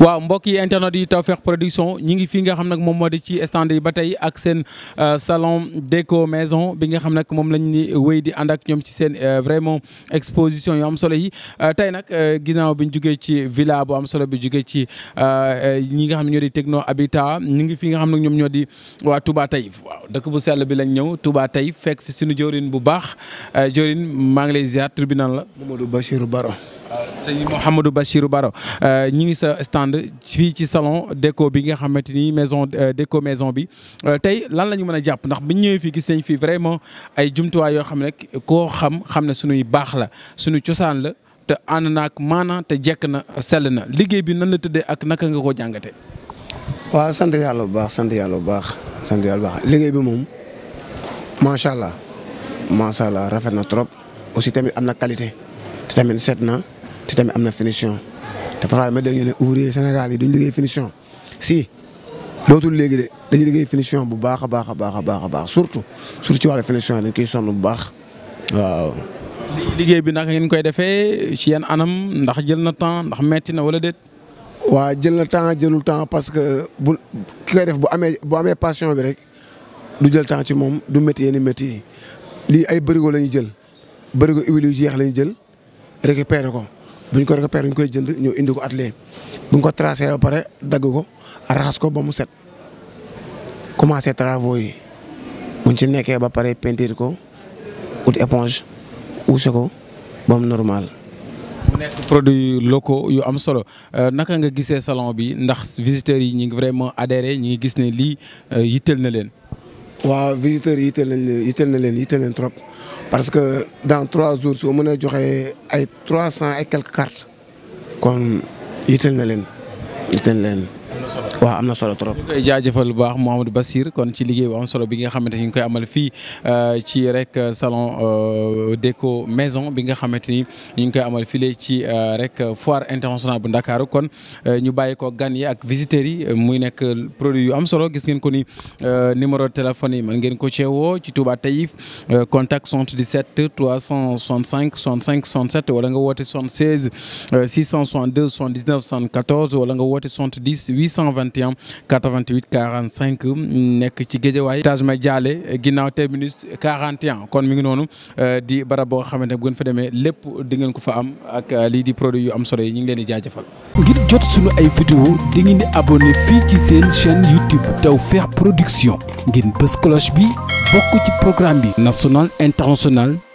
waaw mbokk yi internet yi Tawfekh Production ñi ngi fii nga xam nag moom moo di ci stand yi ba tey ak seen euh, salon déco maison bi nga xam nag moom lañ ni wéy di ànd ak ñoom ci seen euh, vraiment exposition yu am solo yi euh, tey nag ginnaaw bi ñu jugee ci villa bu am solo bi jugee ci ñi nga xam ne ñoo di techno habitat ñi ngi fi nga xam nag ñoom ñoo di waa tey Taïf waaw dëkk bu sell bi lañ ñëw Touba tey fekk fi suñu jëwrin bu baax jëwrin maa ngi lay ziar tribunal la Mamadou Bassirou Baro sëñ Mouhamadou Bachirou Baro euh, ñu ngi sa stand fii ci salon déco bi nga xamante ni maison euh, déco maison bi euh, tey lan la ñu mën a jàpp ndax biñ ñëwee fii gis nañ fii vraiment ay jumtuwaay yoo xam ne koo xam xam ne suñuy baax la suñu cosaan la te ànd na ak maana te jekk na sell na liggéey bi nan la tëddee ak naka nga koo jàngatee. waaw sant yàlla bu baax sant yàlla bu baax sant baax liggéey bi moom macha allah macha allah rafet na trop aussi tamit am na qualité te tamit set na. te tamit am na finition te parfois ma dégg ñu ne ouvrier Sénégal yi duñ liggéey finition si dootul léegi de dañu liggéey finition bu baax a baax a baax a baax a baax surtout surtout ci wàllu finition dañ koy sonn bu baax waaw. liggéey bi naka ngeen koy defee ci yan anam ndax jël na temps ndax metti na wala déet. waa jël na temps jëlul temps parce que bu ki koy def bu amee bu amee passion bi rek du jël temps ci moom du métti yenn métti yi lii ay bërigo la ñu jël bërigo huile yu jeex la ñu jël récupéré ko. buñ ko récupéré ñu koy jënd ñëw indi ko bu ñu ko tracé ba pare dagg ko raxas ko ba mu set commencé travaux yi buñ ci nekkee ba pare peinture ko ut éponge uuse ko ba mu normal. mu nekk produit locaux yu am solo euh, naka nga gisee salon bi ndax visiteurs yi ñu ngi vraiment adhéré ñu ngi gis ne lii euh, yitteel na leen. waaw visiteurs yi yitteel nañ leen yitteel na leen yitteel leen trop parce que dans trois jours soo mënee joxe ay trois cent et quelques cartes kon yitteel na leen yitteel na leen. waaw am na solo trop. ñu koy jaajëfal bu baax Mouhamadou Bassir kon ci liggéey bu solo bi nga xamante ni ñu ngi koy amal fii euh, ci rek euh, salon euh, déco maison bi nga xamante ni ñu ngi koy amal file ci rek foire internationale bu Ndakaaru kon ñu bàyyi ko gan yi ak visiteurs yi muy nekk produit yu am solo gis ngeen ko ni numéro téléphone yi mën ngeen ko ceewoo ci Touba Taïf contact 77 365 65 67 wala nga woote 76 662 79 74 wala nga woote 70 821 88 45 nekk ci Géejawaay Taj ma Jaale ginnaaw terminus 41 kon mi ngi noonu euh, di barab boo xamante ne bu ngeen fa demee lépp di ngeen ko fa am ak euh, lii di produit yu am solo yi ñu ngi leen di jaajëfal. ngir jot sunu ay vidéo di ngeen di abonné fii ci seen chaîne YouTube Tawfekh Production ngeen bës cloche bi bokk ci programme bi national international.